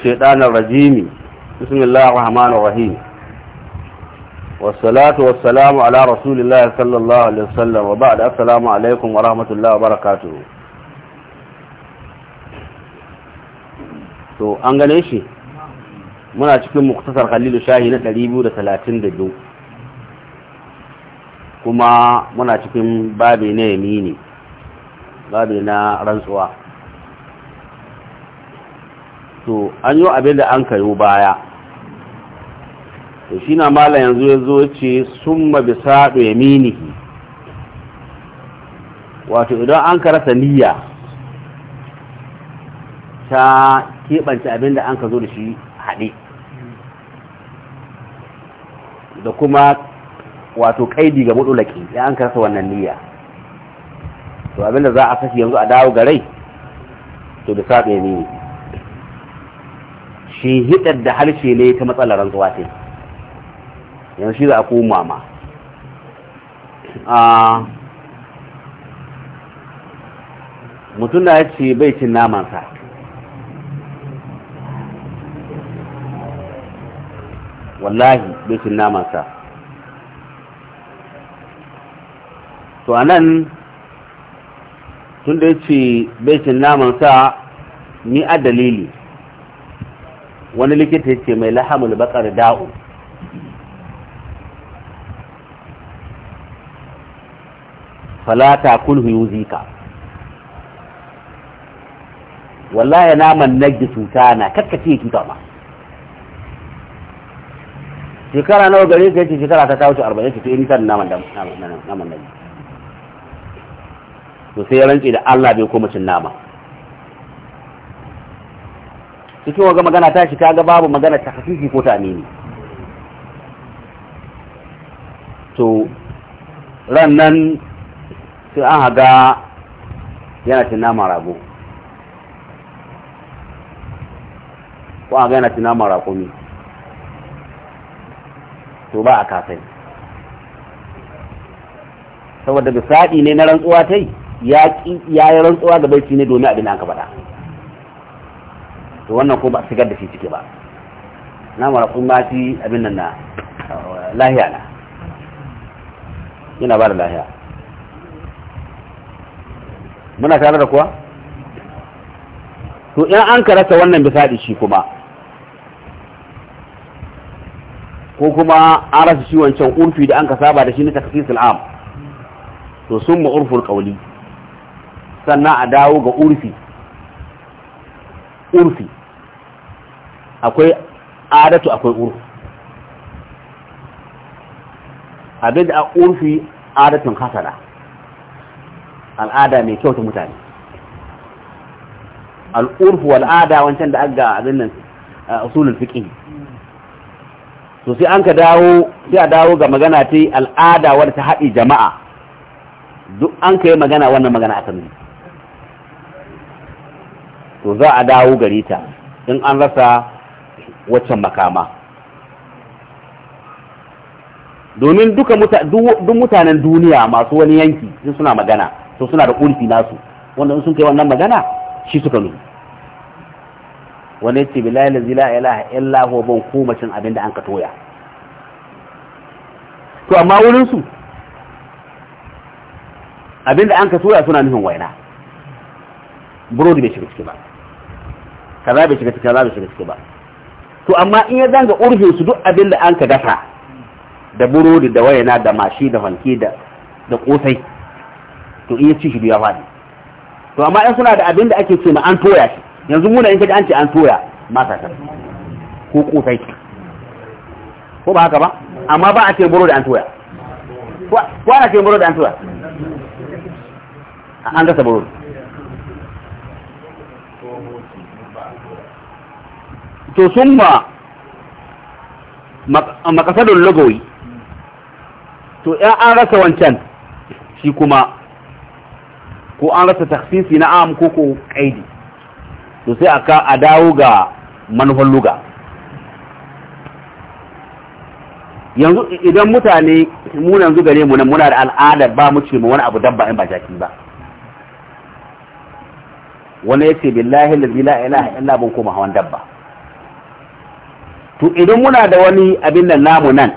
الشيطان الرجيم بسم الله الرحمن الرحيم والصلاة والسلام على رسول الله صلى الله عليه وسلم وبعد السلام عليكم ورحمة الله وبركاته to an gane shi muna cikin muktasar khalilu shahi na 232 kuma muna cikin babi na yamini babi na rantsuwa to an yi abin da an kayo baya to shi na mala yanzu ya zo ce sun mabi saɗo ya minihi wato idan an karasa niyya ta keɓance abin da an ka zo da shi haɗe da kuma wato kaidi ga mutulaki ya an karasa wannan niyya to abin za a sashi yanzu a dawo ga rai to da saɓe ya shi hitar da harshe ne ta matsalar rantsuwa ce yanzu shi za a koma ma ah, mutum da ya ce bai cin namansa wallahi bai cin namansa to a nan tun da ya ce bai cin namansa ni a dalili wani likita ce mai lahamul bakar da'u falata kulhu yuzika wallahi naman nagi cuta na kakkace cuta ba shekara nawa gare ka yace shekara ta tawo 40 ce to in san naman dan naman nagi to sai ya rantsi da Allah bai koma cin nama cikin waga magana ta shi kaga babu magana ta hafifi ko ta amini to ran nan sai an haga yana cin nama rago ko an haga yana cin nama ne, to ba a kasai saboda bisaɗi ne na rantsuwa ta yi ya yi rantsuwa ga barci ne domin abin da aka faɗa to wannan ko ba a shigar da shi ciki ba na mara kun ba shi abin nan na lahiya na yana ba da lahiya muna tare da kuwa to in an karasa wannan bisa shi kuma ko kuma an rasa shi wancan urfi da an ka saba da shi na takfisul am to sun ma urfin kauli sannan a dawo ga urfi urfi akwai adatu akwai urfi abin da a urfi adatun hasara al'ada mai kyau ta mutane al'urfu wal'ada wancan da aga abin nan usulul fiqh to sai an ka dawo sai a dawo ga magana ta al'ada wadda ta haɗi jama'a duk an ka yi magana wannan magana a ne to za a dawo gari ta in an rasa waccan makama domin duka duk mutanen duniya masu wani yanki sun suna magana to suna da ƙulfi nasu wanda sun kai wannan magana shi suka nuna wani ce bilayi da zila ilaha illa ban koma cin abin da an ka toya to amma su abin da an ka toya suna nufin waina burodi bai shiga ciki ba kaza bai shiga ciki kaza bai shiga ciki ba to amma in ya zanga urhin su duk abin da an ka gasa da burodi da wayana da mashi da fanke da da kosai to in ya ci shi ya faɗi to amma in suna da abin da ake ce ma an toya shi yanzu muna in kaji an ce an toya masa ta ko kosai ko ba haka ba amma ba a ce burodi an toya ko ana ce burodi an toya an gasa burodi to sun summa makasadun lagoyi to ya an rasa wancan shi kuma ko an rasa taksisi na am ko ko kaidi to sai aka a dawo ga manufan luga yanzu idan mutane mu yanzu gare mu nan muna da al'adar ba mu ce mu wani abu dabba in ba jaki ba wani yace billahi la ilaha illa ban koma hawan dabba to idan muna da wani abin nan namu nan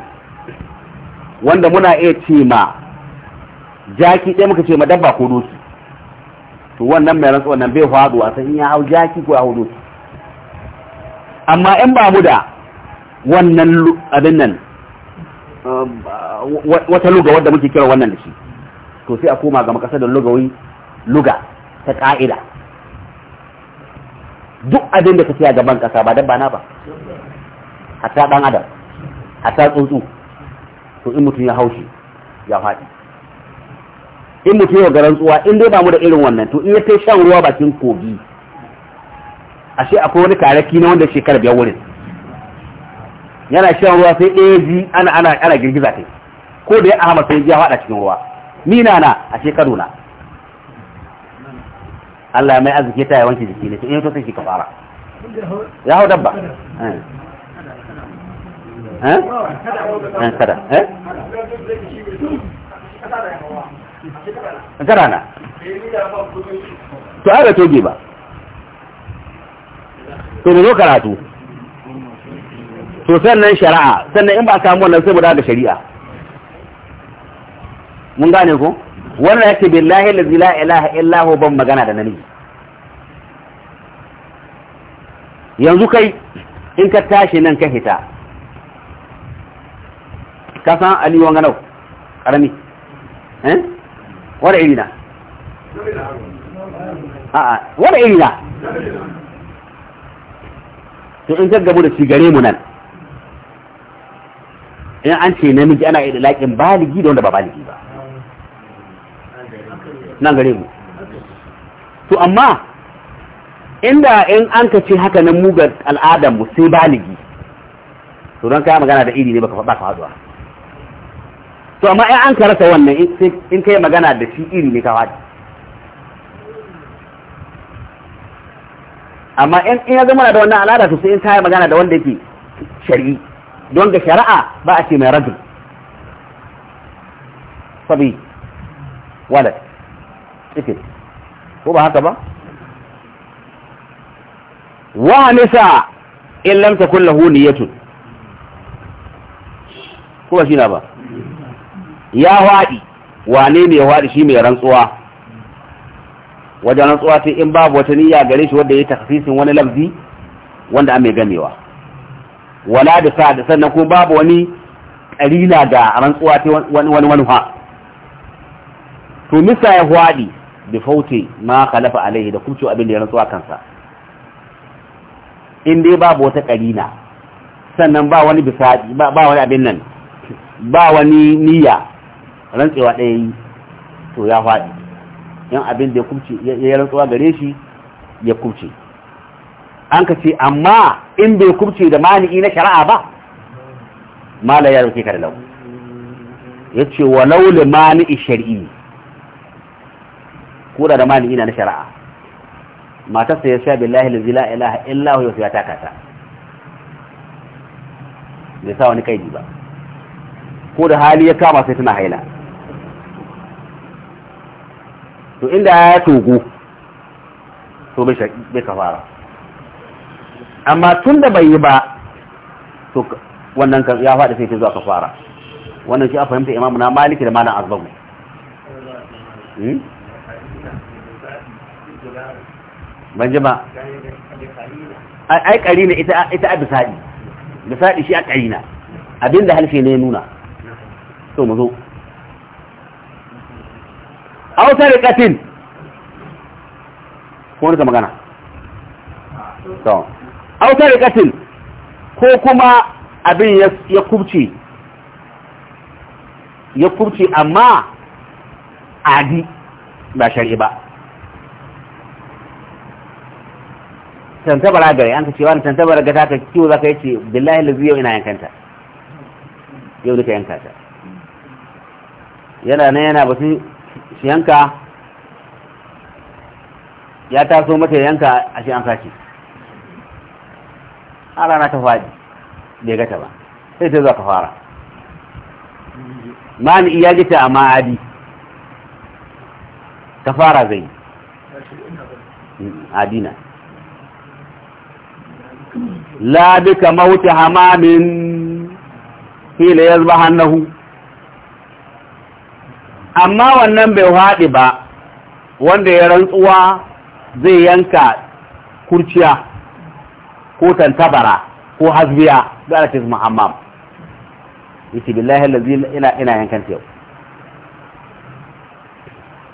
wanda muna iya ce ma jaki ɗaya muka ce ma dabba ko doki to wannan mai rantsuwa nan bai faɗo a in ya hau jaki ko ya hau doki amma in ba mu da wannan abin nan um, wata luga wadda muke kira wannan da shi to sai a koma ga makasar da lugawai luga ta ka'ida duk abin da ka fiya gaban kasa ba dabba na ba hatta dan adam hatta tsuntsu to in mutum ya haushi ya faɗi in mutum ya garan tsuwa in dai ba mu da irin wannan to in ya kai shan ruwa bakin kogi ashe akwai wani karaki na wanda shekara biyar wurin yana shan ruwa sai ɗaya ji ana ana ana girgiza ta ko da ya ahama sai ya faɗa cikin ruwa ni na na a shekaru na Allah mai arziki ta ya wanke jiki ne to in to sai ki kafara fara ya hau dabba eh. ɗan kada na to aga toge ba to ne zo karatu to sannan shari'a sannan in ba samu wannan sai mu da shari'a mun gane ko wannan yake billahi allazi la ilaha illa hu ban magana da nani yanzu kai in ka tashi nan ka hita ka ali wa nau karami eh wada iri na a'a wada iri na to in gaggabu da shi gare mu nan in an ce namiji ana da laƙin baligi da wanda ba baligi ba nan gare mu to amma inda in an ka ce haka nan mugar al'adar mu sai baligi to don kaya magana da iri ne baka faɗa ka faɗuwa to amma in an karasa wannan in kai magana da shi iri ne ka faɗi amma in ya zama da wannan al'ada to sai in kai magana da wanda yake shari'i don ga shari'a ba a ce mai rajul sabi wala ike ko ba haka ba wa nisa in lam takun lahu niyatun ko ba shi na ba ya waɗi wane ne ya waɗi shi mai rantsuwa wajen rantsuwa ta in babu wata niyya gare shi wanda ya takasisin wani lafzi wanda an mai gamewa wala da sa da sannan kuma babu wani ƙarina ga rantsuwa ta wani wani ha to misa ya waɗi bi faute ma kalafa alaihi da kuma abin da ya rantsuwa kansa in dai babu wata ƙarina sannan ba wani bisadi ba wani abin nan ba wani niyya rantsewa ɗaya yi to ya faɗi yan abin da ya kubce ya rantsewa gare shi ya kubce an ka ce amma in bai kubce da mani'i na shari'a ba mala ya rufe da lau ya ce wa laule mani'i shari'i ko da mani'i na shari'a matarsa ya sha billahi lillahi la ilaha illahu ya taka ta bai sa wani kaidi ba ko da hali ya kama sai tana haila to inda ya togo to bai kafara amma tun da bai yi ba to wannan kan ya faɗi sai ta zuwa kafara wannan shi a fahimta imamu na maliki da malam azbagu hmm? ban ji ba ai ƙarina ita ita a bisadi bisaɗi shi a ƙarina. abinda halshe ne nuna to mu zo aw sarqatin ko ne magana to aw sarqatin ko kuma abin ya kubce ya kubce amma adi ba shari'a ba tantabara gari an ka cewa tantabara ga ta ka kiwo za ka yi ce billahi lazi yau ina yankanta yau duka yankanta yana na yana ba su yanka ya taso mata yanka a shi an sace a rana ta faɗi bai gata ba sai ta za ka fara mani iya gita a ma'adi ka fara zai adina la duka mauta hamamin hila ya zuba hannahu amma wannan bai haɗi ba wanda ya rantsuwa zai yanka kurciya ko tantabara ko hasbiya da ana cikin muhammam yace billahi allazi ina ina yankan yau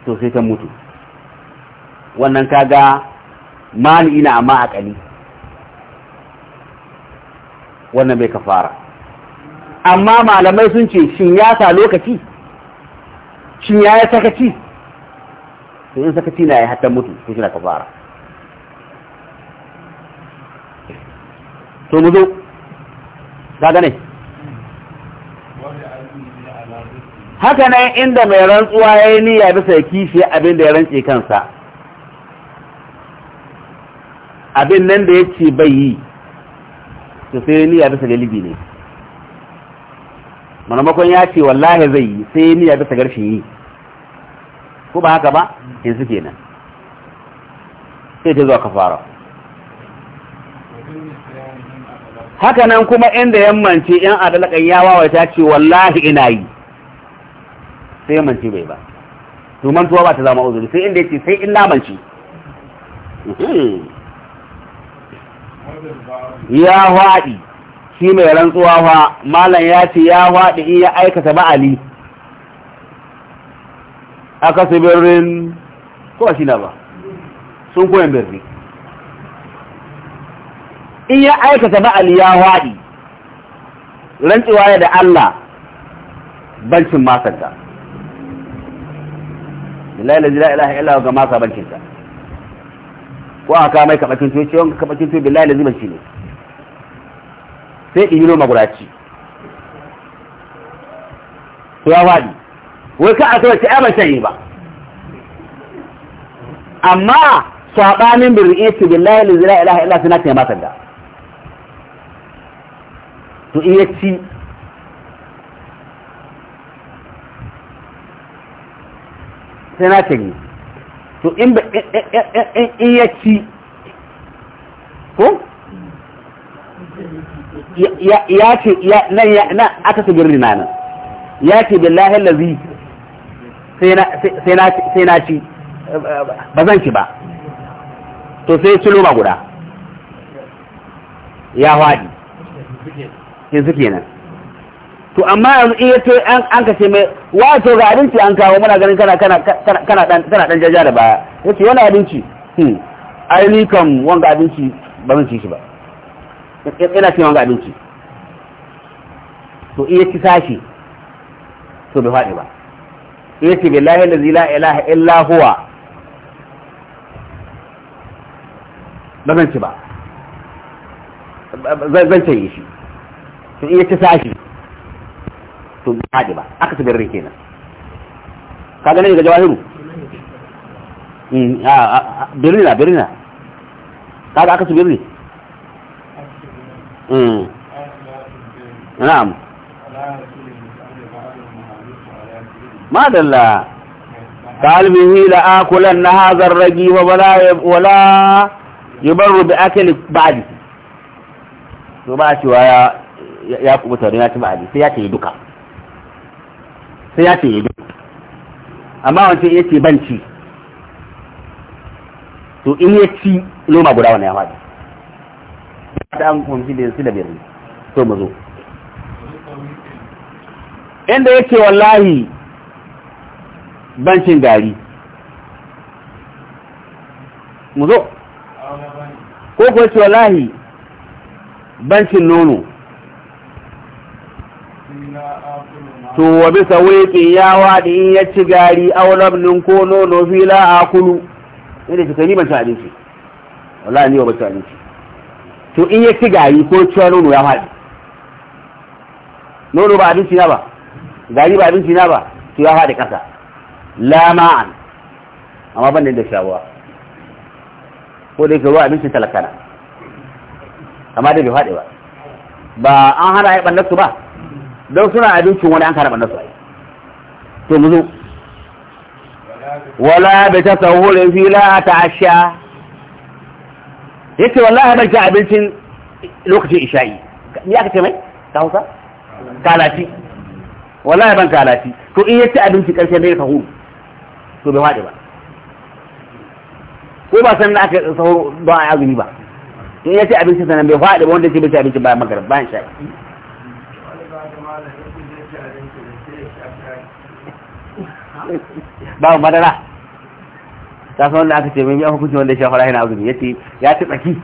to sai ta mutu wannan kaga mali ina amma akali wannan bai kafara amma malamai sun ce shin ya sa lokaci shin ya yi sakaci to yin sakaci na ya hatta mutu ko shi na kafara to mu zo ga gane haka nan inda mai rantsuwa ya yi niyya bisa ya kishe abin da ya rantse kansa abin nan da ya ce bai yi to sai niyya bisa galibi ne manamakon ya ce wallahi zai yi sai niyya bisa garshin yi ko ba haka ba yanzu eh, kenan sai ta zuwa kafara haka nan kuma inda yammance yan adalakan ya ta ce wallahi ina yi sai yammance bai ba to tuwa ba ta zama uzuri sai inda ce sai in namance ya haɗi shi mai rantsuwa fa malam ya ce ya haɗi in ya aikata ba'ali aka sai ko shi na ba sun koyan birni in ya aikata ba ya waɗi rantsuwa ya da Allah bancin masarta lillahi la ilaha illa ga masa bancinta ko aka mai kabakin tuyo ciwon kabakin tuyo billahi lazimin shi ne sai yi maguraci to ya waɗi wai ka a so ce ai ban yi ba amma sabanin bir'iti eh, billahi la ilaha ila Allah suna ta masa da to iya ci sai na ta yi to in iya ci ko ya ce nan aka su birni na nan ya ce bin billahi lazi sai na ci ba zan ci ba to sai ci ba guda ya haɗi kin su kenan to amma yanzu iya to an ka ce mai wato ga abinci an kawo muna ganin kana dan jaja da baya ce wani abinci hmm, ai ni kam wanga abinci ba zan ci shi ba ina cin wanga abinci to iya ci sashi to bai faɗi ba sai ce billahi allazi la ilaha illa huwa ba zan ci ba zan canye shi to iya ci sashi to haɗe ba aka su birri kenan ka gane ga jawahiru mm, birni na birni na kaga aka su birni mm. na'am madalla kalbihi la akulan na hazar ragi wa wala yubarru bi akli ba'di to ba cewa ya ya kubuta don ya ci ba'di sai ya ce duka sai ya ce duka amma wance ya ce banci to in ya ci loma guda wannan ya faɗi ta an kumshi da su da birni to mu zo inda yake wallahi bancin gari mu zo ko kuwa ce wallahi bancin nono to wa bisa weƙin yawa da in ya ci gari aulabnin ko nono fila a kulu inda shi ni ban ci abinci wallahi ni ba ci abinci to in ya ci gari ko ci nono ya faɗi nono ba abinci na ba gari ba abinci na ba to ya faɗi ƙasa la ma'an amma ban da shawuwa ko da yake ruwa abincin talakana amma da bai faɗi ba ba an hana ya ɓannarsu ba don suna abincin wani an hana ɓannarsu a yi to mu zo wala bai ta fi fila ta asha yake wallahi ban ta abincin lokacin isha'i ni aka ce mai ka hausa kalati wallahi ban kalati to in yace abincin karshe ne ka huru to bai faɗi ba ko ba san da aka saho ba a azumi ba in ya ce abinci sanan bai faɗi ba wanda ce bai ci abinci bayan magarib bayan sha ba mu madara ta san wanda aka ce mai miyan hukunci wanda ya shafara yana azumi ya ce ya ci tsaki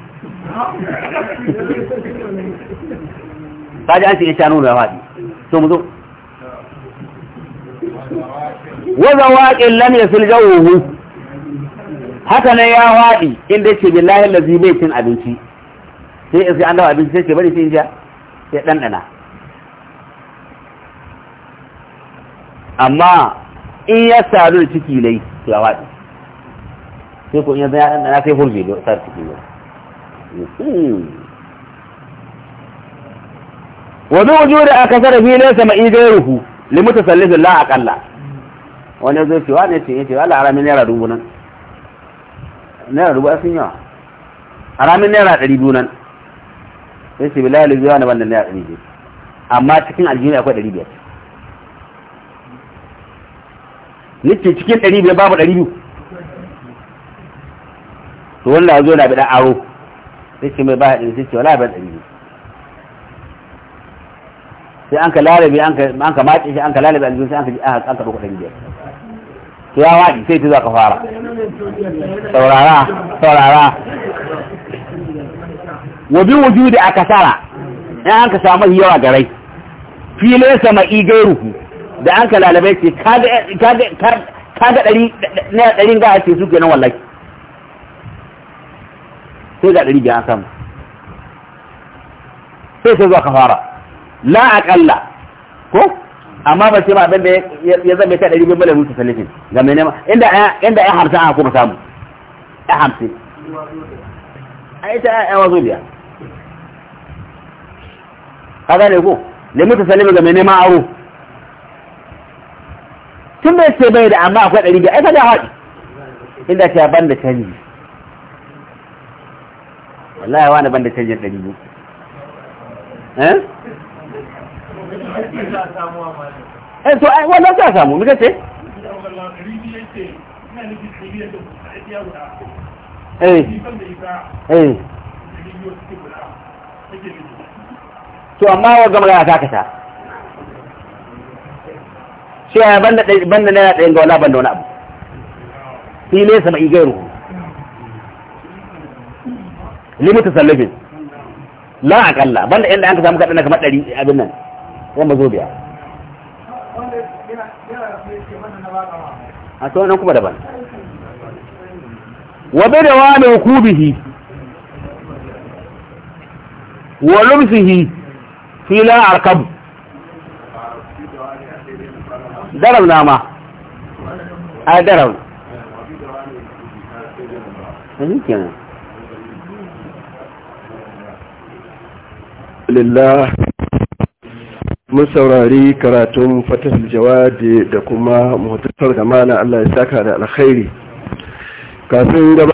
ta ji an ce ya sha nuna ya faɗi so mu zo waza waƙin lam ya wuhu haka na ya waɗi inda ce billahi lazi bai cin abinci sai iske an dawa abinci sai ce bari cin ya sai ɗanɗana amma in ya sadu da ciki lai to ya waɗi sai ku in ya ɗanɗana sai hulbe da sa ciki ne hmm. wani wujo da aka sarrafi nesa ma'idai ruhu limita la la'akalla wani zai cewa ne ce yace wala aramin naira dubu nan naira dubu sun yawa aramin naira ɗari biyu nan sai ce bilal zai wani wannan naira ɗari biyu amma cikin aljihun akwai ɗari biyar nake cikin ɗari biyar babu ɗari biyu to wanda zo na bi ɗan aro sai ce mai ba ɗari sai ce wala ban ɗari biyu sai an ka lalabe an ka mace shi an ka lalabe aljihun sai an ka ɗauka ɗari biyar to ya waɗi sai ta za ka fara saurara saurara wa bi wujudi akasara in an ka samu yawa garai filin sama igairuhu da an ka lalabai ce kaga ɗari na ɗari ga ce su kenan wallahi sai ga ɗari biyan samu sai sai zuwa ka fara la aƙalla ko amma ba ce ba abin da ya zama ka ɗari bimbala rutu salifin ga mai nema inda ya hamsin aka kuma samu ya hamsin a ita ya wazo biya ka gane ko limita salifin ga mai nema aro tun bai ce bai da amma akwai ɗari biya aika da haɗi inda ta ban da canji wallahi wani ban da canji ɗari biyu eh? eh to ai wannan za samu muka ce eh eh to amma wa gamar ya takata shi ya banda banda na ɗayan ga wala banda wani abu fi ne sama igairu limita sallafin la akalla banda inda an ka samu kaɗana kamar ɗari abin nan yan mazobiya a to nan kuma daban wa bi da hukubihi wa lumsihi fi la darab nama, a darab mun saurari karatun fatahul jawadi da kuma muhtasar da mana Allah ya saka da alkhairi kafin gaba,